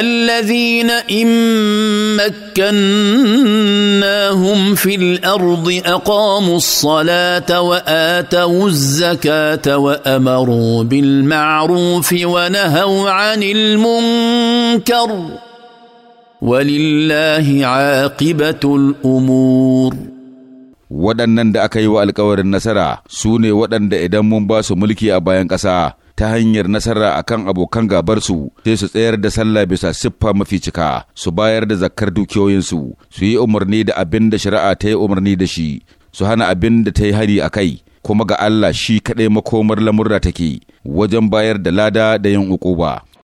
الذين إن مكناهم في الأرض أقاموا الصلاة وآتوا الزكاة وأمروا بالمعروف ونهوا عن المنكر ولله عاقبة الأمور waɗannan da aka yi wa alkawarin nasara su ne waɗanda idan mun ba su mulki a bayan ƙasa ta hanyar nasara a kan abokan gabarsu sai su tsayar da sallah bisa siffa mafi cika su bayar da zakkar dukiyoyinsu su yi umarni da abin da shari'a ta yi umarni da shi su hana abin da ta yi hari a kai kuma ga Allah shi kaɗai makomar lamurra take wajen bayar da lada da yin uku